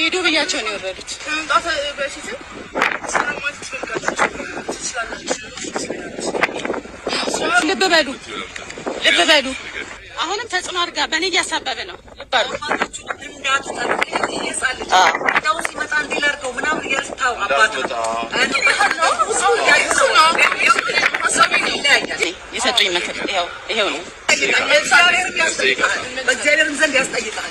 ሂዱ ብያቸው ነው የወረዱት። ልብ በሉ ልብ በሉ። አሁንም ተጽዕኖ አድርጋ በእኔ እያሳበበ ነው። የሰጡኝ ምክር ይኸው ነው። በእግዚአብሔርም ዘንድ ያስጠይቃል።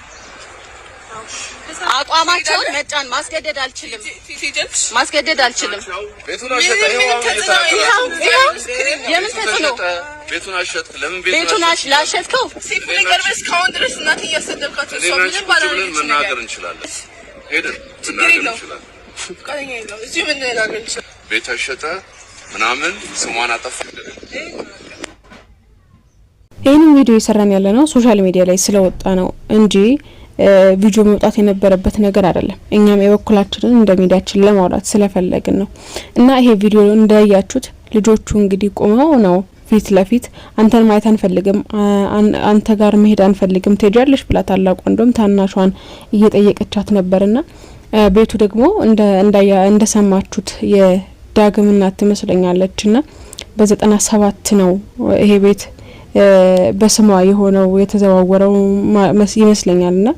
አቋማቸውን መጫን ማስገደድ አልችልም፣ ማስገደድ አልችልም። ቤቱን አሸጠ። የምን ተጽዕኖ ቤቱን አሸጥ። ለምን ቤቱን ላሸጥከው? እስካሁን ድረስ እናት እያሰደብካቸው መናገር እንችላለን። ሄደን ቤት አሸጠ ምናምን ስሟን አጠፋ ይህንን ቪዲዮ የሰራን ያለ ነው ሶሻል ሚዲያ ላይ ስለወጣ ነው እንጂ ቪዲዮ መውጣት የነበረበት ነገር አይደለም። እኛም የበኩላችንን እንደ ሚዲያችን ለማውራት ስለፈለግን ነው እና ይሄ ቪዲዮ እንዳያችሁት ልጆቹ እንግዲህ ቆመው ነው ፊት ለፊት አንተን ማየት አንፈልግም፣ አንተ ጋር መሄድ አንፈልግም፣ ትሄጃለሽ ብላ ታላቅ ወንዶም ታናሿን እየጠየቀቻት ነበርና ቤቱ ደግሞ እንደሰማችሁት ትመስለኛለች ትመስለኛለችና በዘጠና ሰባት ነው ይሄ ቤት በስሟ የሆነው የተዘዋወረው ይመስለኛል። እና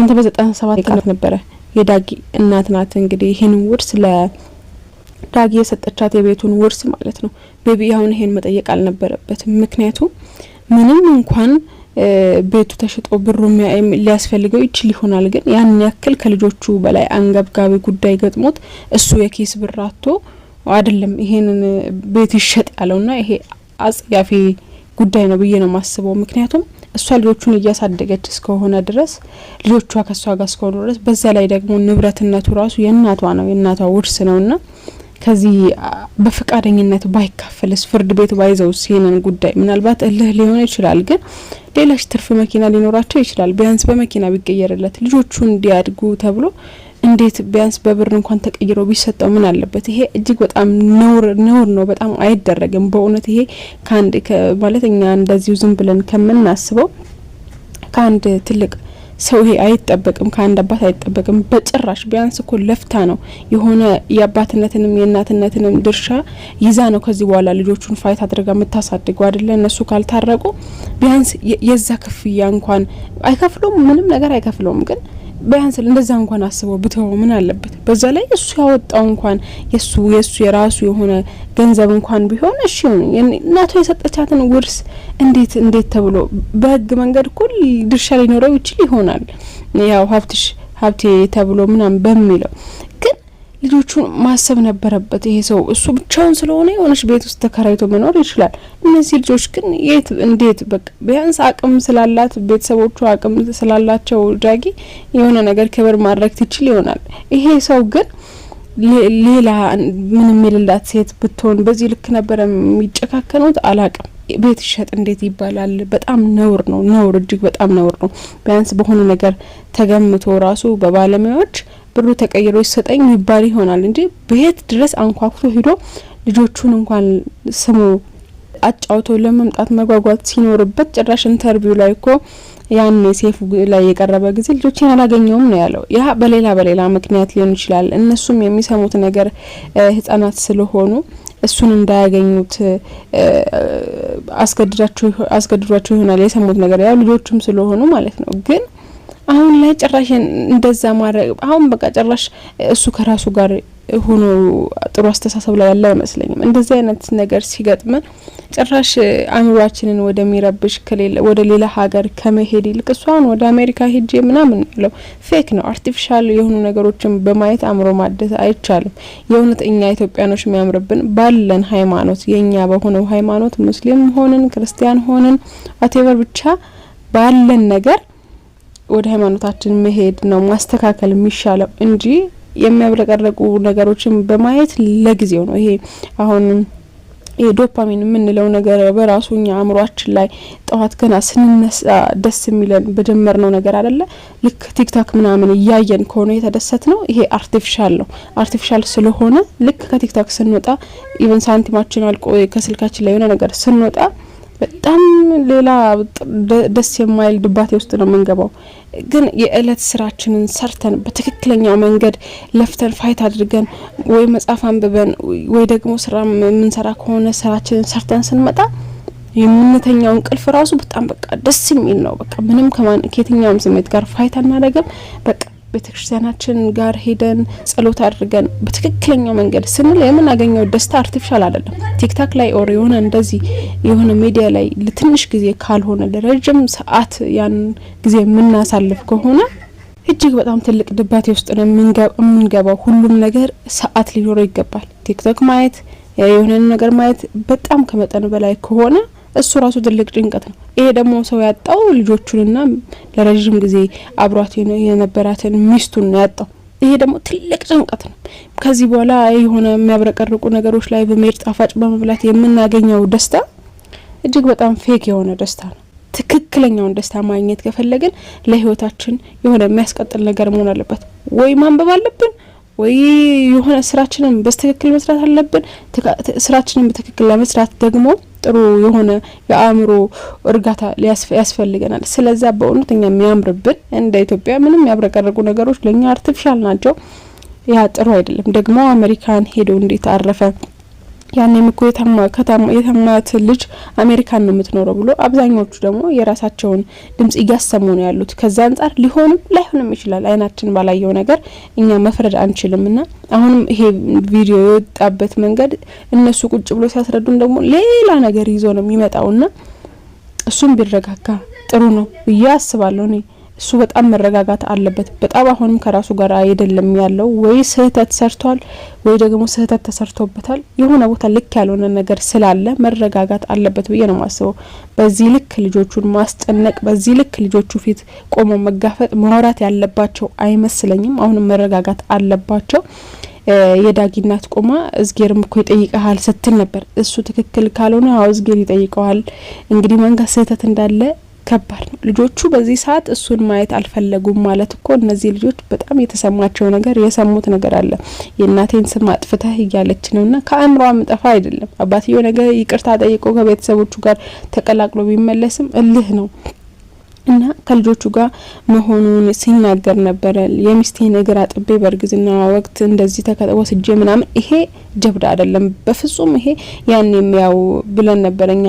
አንተ በዘጠና ሰባት ቃላት ነበረ የዳጊ እናት ናት እንግዲህ ይህን ውርስ ለ ዳጊ የሰጠቻት የቤቱን ውርስ ማለት ነው። ቤቢ አሁን ይሄን መጠየቅ አልነበረበትም። ምክንያቱም ምንም እንኳን ቤቱ ተሽጦ ብሩ ሊያስፈልገው ይችል ይሆናል፣ ግን ያን ያክል ከልጆቹ በላይ አንገብጋቢ ጉዳይ ገጥሞት እሱ የኪስ ብር አቶ አይደለም ይሄንን ቤት ይሸጥ ያለውና ይሄ አጸያፊ ጉዳይ ነው ብዬ ነው የማስበው። ምክንያቱም እሷ ልጆቹን እያሳደገች እስከሆነ ድረስ ልጆቿ ከእሷ ጋር እስከሆኑ ድረስ በዛ ላይ ደግሞ ንብረትነቱ ራሱ የእናቷ ነው የእናቷ ውርስ ነውና ከዚህ በፈቃደኝነት ባይካፈልስ ፍርድ ቤት ባይዘው ይህንን ጉዳይ ምናልባት እልህ ሊሆን ይችላል፣ ግን ሌላች ትርፍ መኪና ሊኖራቸው ይችላል። ቢያንስ በመኪና ቢቀየርለት ልጆቹ እንዲያድጉ ተብሎ እንዴት ቢያንስ በብር እንኳን ተቀይሮ ቢሰጠው ምን አለበት? ይሄ እጅግ በጣም ነውር ነውር ነው። በጣም አይደረግም። በእውነት ይሄ ከአንድ ማለት እኛ እንደዚሁ ዝም ብለን ከምናስበው ከአንድ ትልቅ ሰው ይሄ አይጠበቅም፣ ከአንድ አባት አይጠበቅም በጭራሽ። ቢያንስ እኮ ለፍታ ነው የሆነ የአባትነትንም የእናትነትንም ድርሻ ይዛ ነው ከዚህ በኋላ ልጆቹን ፋይት አድርጋ የምታሳድገው አይደለ? እነሱ ካልታረቁ ቢያንስ የዛ ክፍያ እንኳን አይከፍሉም፣ ምንም ነገር አይከፍለውም ግን ቢያንስ እንደዛ እንኳን አስበው ብትሆው ምን አለበት? በዛ ላይ እሱ ያወጣው እንኳን የሱ የሱ የራሱ የሆነ ገንዘብ እንኳን ቢሆን እሺ፣ እናቷ የሰጠቻትን ውርስ እንዴት እንዴት ተብሎ በህግ መንገድ እኮ ድርሻ ሊኖረው ይችል ይሆናል ያው ሀብትሽ ሀብቴ ተብሎ ምናምን በሚለው ልጆቹን ማሰብ ነበረበት ይሄ ሰው። እሱ ብቻውን ስለሆነ የሆነች ቤት ውስጥ ተከራይቶ መኖር ይችላል። እነዚህ ልጆች ግን የት እንዴት በቃ ቢያንስ አቅም ስላላት ቤተሰቦቹ አቅም ስላላቸው ዳጊ የሆነ ነገር ክብር ማድረግ ትችል ይሆናል። ይሄ ሰው ግን ሌላ ምንም የሌላት ሴት ብትሆን በዚህ ልክ ነበረ የሚጨካከኑት። አላቅም ቤት ይሸጥ እንዴት ይባላል? በጣም ነውር ነው፣ ነውር እጅግ በጣም ነውር ነው። ቢያንስ በሆነ ነገር ተገምቶ ራሱ በባለሙያዎች ብሩ ተቀይሮ ይሰጠኝ ይባል ይሆናል እንጂ ቤት ድረስ አንኳኩቶ ሂዶ ልጆቹን እንኳን ስሙ አጫውቶ ለመምጣት መጓጓት ሲኖርበት ጭራሽ ኢንተርቪው ላይ እኮ ያን ሴፉ ላይ የቀረበ ጊዜ ልጆችን አላገኘውም ነው ያለው። ያ በሌላ በሌላ ምክንያት ሊሆን ይችላል። እነሱም የሚሰሙት ነገር ህጻናት ስለሆኑ እሱን እንዳያገኙት አስገድዷቸው ይሆናል የሰሙት ነገር ያው ልጆቹም ስለሆኑ ማለት ነው ግን አሁን ላይ ጭራሽ እንደዛ ማድረግ አሁን በቃ ጭራሽ እሱ ከራሱ ጋር ሆኖ ጥሩ አስተሳሰብ ላይ ያለ አይመስለኝም። እንደዚህ አይነት ነገር ሲገጥመን ጭራሽ አእምሯችንን ወደሚረብሽ ወደ ሌላ ሀገር ከመሄድ ይልቅ እሱ አሁን ወደ አሜሪካ ሄጄ ምናምን ያለው ፌክ ነው። አርቲፊሻል የሆኑ ነገሮችን በማየት አእምሮ ማደስ አይቻልም። የእውነት እኛ ኢትዮጵያኖች የሚያምርብን ባለን ሃይማኖት፣ የእኛ በሆነው ሃይማኖት ሙስሊም ሆንን ክርስቲያን ሆንን አቴቨር ብቻ ባለን ነገር ወደ ሃይማኖታችን መሄድ ነው ማስተካከል የሚሻለው እንጂ የሚያብለቀረቁ ነገሮችን በማየት ለጊዜው ነው ይሄ አሁን የዶፓሚን የምንለው ነገር በራሱ እኛ አእምሯችን ላይ ጠዋት ገና ስንነሳ ደስ የሚለን በጀመር ነው ነገር አደለ ልክ ቲክታክ ምናምን እያየን ከሆነ የተደሰት ነው ይሄ አርቲፊሻል ነው። አርቲፊሻል ስለሆነ ልክ ከቲክታክ ስንወጣ ኢቨን ሳንቲማችን አልቆ ከስልካችን ላይ የሆነ ነገር ስንወጣ በጣም ሌላ ደስ የማይል ድባቴ ውስጥ ነው የምንገባው። ግን የእለት ስራችንን ሰርተን በትክክለኛው መንገድ ለፍተን ፋይት አድርገን ወይ መጽሐፍ አንብበን ወይ ደግሞ ስራ የምንሰራ ከሆነ ስራችንን ሰርተን ስንመጣ የምንተኛው እንቅልፍ ራሱ በጣም በቃ ደስ የሚል ነው። በቃ ምንም ከየትኛውም ስሜት ጋር ፋይት አናደርግም። በቃ ቤተክርስቲያናችን ጋር ሄደን ጸሎት አድርገን በትክክለኛው መንገድ ስንል የምናገኘው ደስታ አርቲፊሻል አይደለም። ቲክታክ ላይ ኦር የሆነ እንደዚህ የሆነ ሚዲያ ላይ ለትንሽ ጊዜ ካልሆነ ለረጅም ሰዓት ያን ጊዜ የምናሳልፍ ከሆነ እጅግ በጣም ትልቅ ድባቴ ውስጥ ነው የምንገባው። ሁሉም ነገር ሰዓት ሊኖረው ይገባል። ቲክቶክ ማየት የሆነን ነገር ማየት በጣም ከመጠን በላይ ከሆነ እሱ ራሱ ትልቅ ጭንቀት ነው። ይሄ ደግሞ ሰው ያጣው ልጆቹንና ለረዥም ጊዜ አብሯት የነበራትን ሚስቱን ነው ያጣው። ይሄ ደግሞ ትልቅ ጭንቀት ነው። ከዚህ በኋላ የሆነ የሚያብረቀርቁ ነገሮች ላይ በመሄድ ጣፋጭ በመብላት የምናገኘው ደስታ እጅግ በጣም ፌክ የሆነ ደስታ ነው። ትክክለኛውን ደስታ ማግኘት ከፈለግን ለህይወታችን የሆነ የሚያስቀጥል ነገር መሆን አለበት። ወይ ማንበብ አለብን ወይ የሆነ ስራችንን በትክክል መስራት አለብን። ስራችንን በትክክል ለመስራት ደግሞ ጥሩ የሆነ የአእምሮ እርጋታ ያስፈልገናል። ስለዛ በእውነት እኛ የሚያምርብን እንደ ኢትዮጵያ ምንም ያብረቀረቁ ነገሮች ለእኛ አርቲፊሻል ናቸው። ያ ጥሩ አይደለም። ደግሞ አሜሪካን ሄዶ እንዴት አረፈ ያኔም እኮ የተማት ልጅ አሜሪካን ነው የምትኖረው ብሎ አብዛኞቹ ደግሞ የራሳቸውን ድምጽ እያሰሙ ነው ያሉት። ከዛ አንጻር ሊሆንም ላይሆንም ይችላል። አይናችን ባላየው ነገር እኛ መፍረድ አንችልም እና አሁንም ይሄ ቪዲዮ የወጣበት መንገድ እነሱ ቁጭ ብሎ ሲያስረዱን ደግሞ ሌላ ነገር ይዞ ነው የሚመጣውና እሱም ቢረጋጋ ጥሩ ነው ብዬ አስባለሁ እኔ እሱ በጣም መረጋጋት አለበት። በጣም አሁንም ከራሱ ጋር አይደለም ያለው። ወይ ስህተት ሰርቷል፣ ወይ ደግሞ ስህተት ተሰርቶበታል። የሆነ ቦታ ልክ ያልሆነ ነገር ስላለ መረጋጋት አለበት ብዬ ነው ማስበው። በዚህ ልክ ልጆቹን ማስጠነቅ በዚህ ልክ ልጆቹ ፊት ቆሞ መጋፈጥ፣ ማውራት ያለባቸው አይመስለኝም። አሁንም መረጋጋት አለባቸው። የዳጊ ቆማ እዝጌርም እኮ ይጠይቀሃል ስትል ነበር። እሱ ትክክል ካልሆነ አዎ እዝጌር ይጠይቀዋል። እንግዲህ መንጋ ስህተት እንዳለ ከባድ ነው። ልጆቹ በዚህ ሰዓት እሱን ማየት አልፈለጉም ማለት እኮ እነዚህ ልጆች በጣም የተሰማቸው ነገር የሰሙት ነገር አለ። የእናቴን ስም አጥፍተህ እያለች ነው እና ከአእምሯ ምጠፋ አይደለም። አባትየው ነገ ይቅርታ ጠይቆ ከቤተሰቦቹ ጋር ተቀላቅሎ ቢመለስም እልህ ነው። እና ከልጆቹ ጋር መሆኑን ሲናገር ነበረ። የሚስቴን እግር አጥቤ በእርግዝና ወቅት እንደዚህ ተከወስጄ ምናምን ይሄ ጀብድ አይደለም በፍጹም። ይሄ ያን የሚያው ብለን ነበረ። እኛ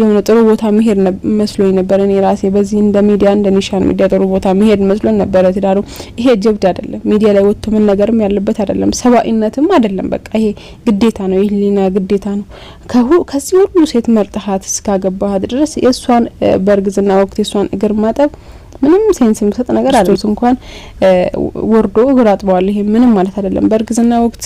የሆነ ጥሩ ቦታ መሄድ መስሎኝ ነበረ። እኔ ራሴ በዚህ እንደ ሚዲያ እንደ ኒሻን ሚዲያ ጥሩ ቦታ መሄድ መስሎን ነበረ ትዳሩ። ይሄ ጀብድ አይደለም፣ ሚዲያ ላይ ወጥቶ መነገርም ያለበት አይደለም፣ ሰብአዊነትም አይደለም። በቃ ይሄ ግዴታ ነው፣ የህሊና ግዴታ ነው። ከዚህ ሁሉ ሴት መርጠሃት እስካገባሃት ድረስ የእሷን በእርግዝና ወቅት የእሷን እግር ማጠብ ምንም ሴንስ የሚሰጥ ነገር አለስ እንኳን ወርዶ እግር አጥበዋል። ይሄ ምንም ማለት አይደለም። በእርግዝና ወቅት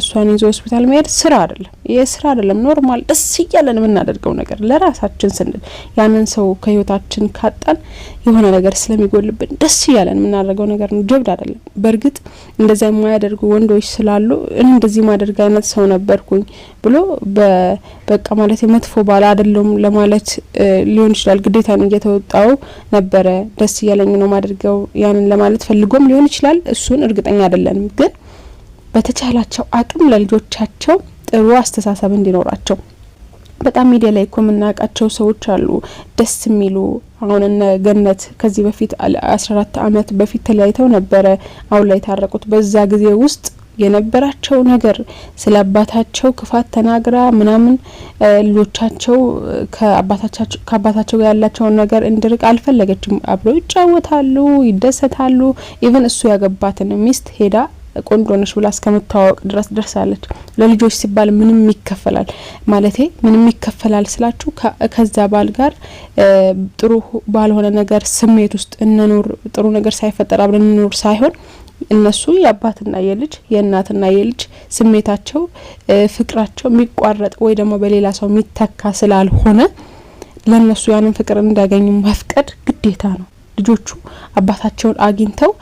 እሷን ይዞ ሆስፒታል መሄድ ስራ አይደለም። ይሄ ስራ አይደለም፣ ኖርማል ደስ እያለን የምናደርገው ነገር ለራሳችን ስንል ያንን ሰው ከህይወታችን ካጣን የሆነ ነገር ስለሚጎልብን ደስ እያለን የምናደርገው ነገር ነው። ጀብድ አይደለም። በእርግጥ እንደዛ የማያደርጉ ወንዶች ስላሉ እንደዚህ ማደርግ አይነት ሰው ነበርኩኝ ብሎ በቃ ማለት መጥፎ ባል አይደለም ለማለት ሊሆን ይችላል። ግዴታን እየተወጣው ነበረ ደስ እያለኝ ነው ማድርገው ያንን ለማለት ፈልጎም ሊሆን ይችላል። እሱን እርግጠኛ አይደለንም፣ ግን በተቻላቸው አቅም ለልጆቻቸው ጥሩ አስተሳሰብ እንዲኖራቸው በጣም ሚዲያ ላይ እኮ የምናውቃቸው ሰዎች አሉ ደስ የሚሉ አሁን እነ ገነት ከዚህ በፊት አስራ አራት አመት በፊት ተለያይተው ነበረ። አሁን ላይ የታረቁት በዛ ጊዜ ውስጥ የነበራቸው ነገር ስለ አባታቸው ክፋት ተናግራ ምናምን ልጆቻቸው ከአባታቸው ጋር ያላቸውን ነገር እንድርቅ አልፈለገችም። አብረው ይጫወታሉ፣ ይደሰታሉ። ኢቨን እሱ ያገባትን ሚስት ሄዳ ቆንጆ ነሽ ብላ እስከምታዋወቅ ድረስ ደርሳለች። ለልጆች ሲባል ምንም ይከፈላል ማለቴ ምንም ይከፈላል ስላችሁ ከዛ ባል ጋር ጥሩ ባልሆነ ነገር ስሜት ውስጥ እንኖር ጥሩ ነገር ሳይፈጠር አብረን እንኖር ሳይሆን እነሱ የአባትና የልጅ የእናትና የልጅ ስሜታቸው ፍቅራቸው የሚቋረጥ ወይ ደግሞ በሌላ ሰው የሚተካ ስላልሆነ ለእነሱ ያንን ፍቅር እንዳያገኙ መፍቀድ ግዴታ ነው። ልጆቹ አባታቸውን አግኝተው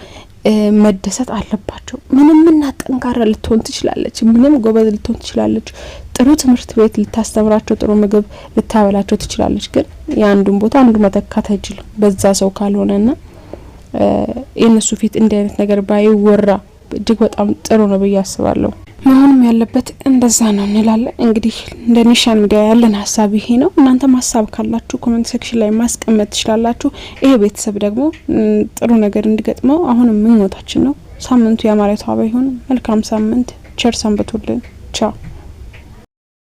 መደሰት አለባቸው። ምንም ና ጠንካራ ልትሆን ትችላለች፣ ምንም ጎበዝ ልትሆን ትችላለች፣ ጥሩ ትምህርት ቤት ልታስተምራቸው፣ ጥሩ ምግብ ልታበላቸው ትችላለች። ግን የአንዱን ቦታ አንዱ መተካት አይችልም በዛ ሰው ካልሆነና የእነሱ ፊት እንዲህ አይነት ነገር ባይወራ እጅግ በጣም ጥሩ ነው ብዬ አስባለሁ። መሆንም ያለበት እንደዛ ነው እንላለን። እንግዲህ እንደ ኒሻን ሚዲያ ያለን ሀሳብ ይሄ ነው። እናንተም ሀሳብ ካላችሁ ኮመንት ሴክሽን ላይ ማስቀመጥ ትችላላችሁ። ይሄ ቤተሰብ ደግሞ ጥሩ ነገር እንዲገጥመው አሁንም ምኞታችን ነው። ሳምንቱ ያማረ የተዋበ ይሁን። መልካም ሳምንት። ቸር ሰንብቱልን። ቻው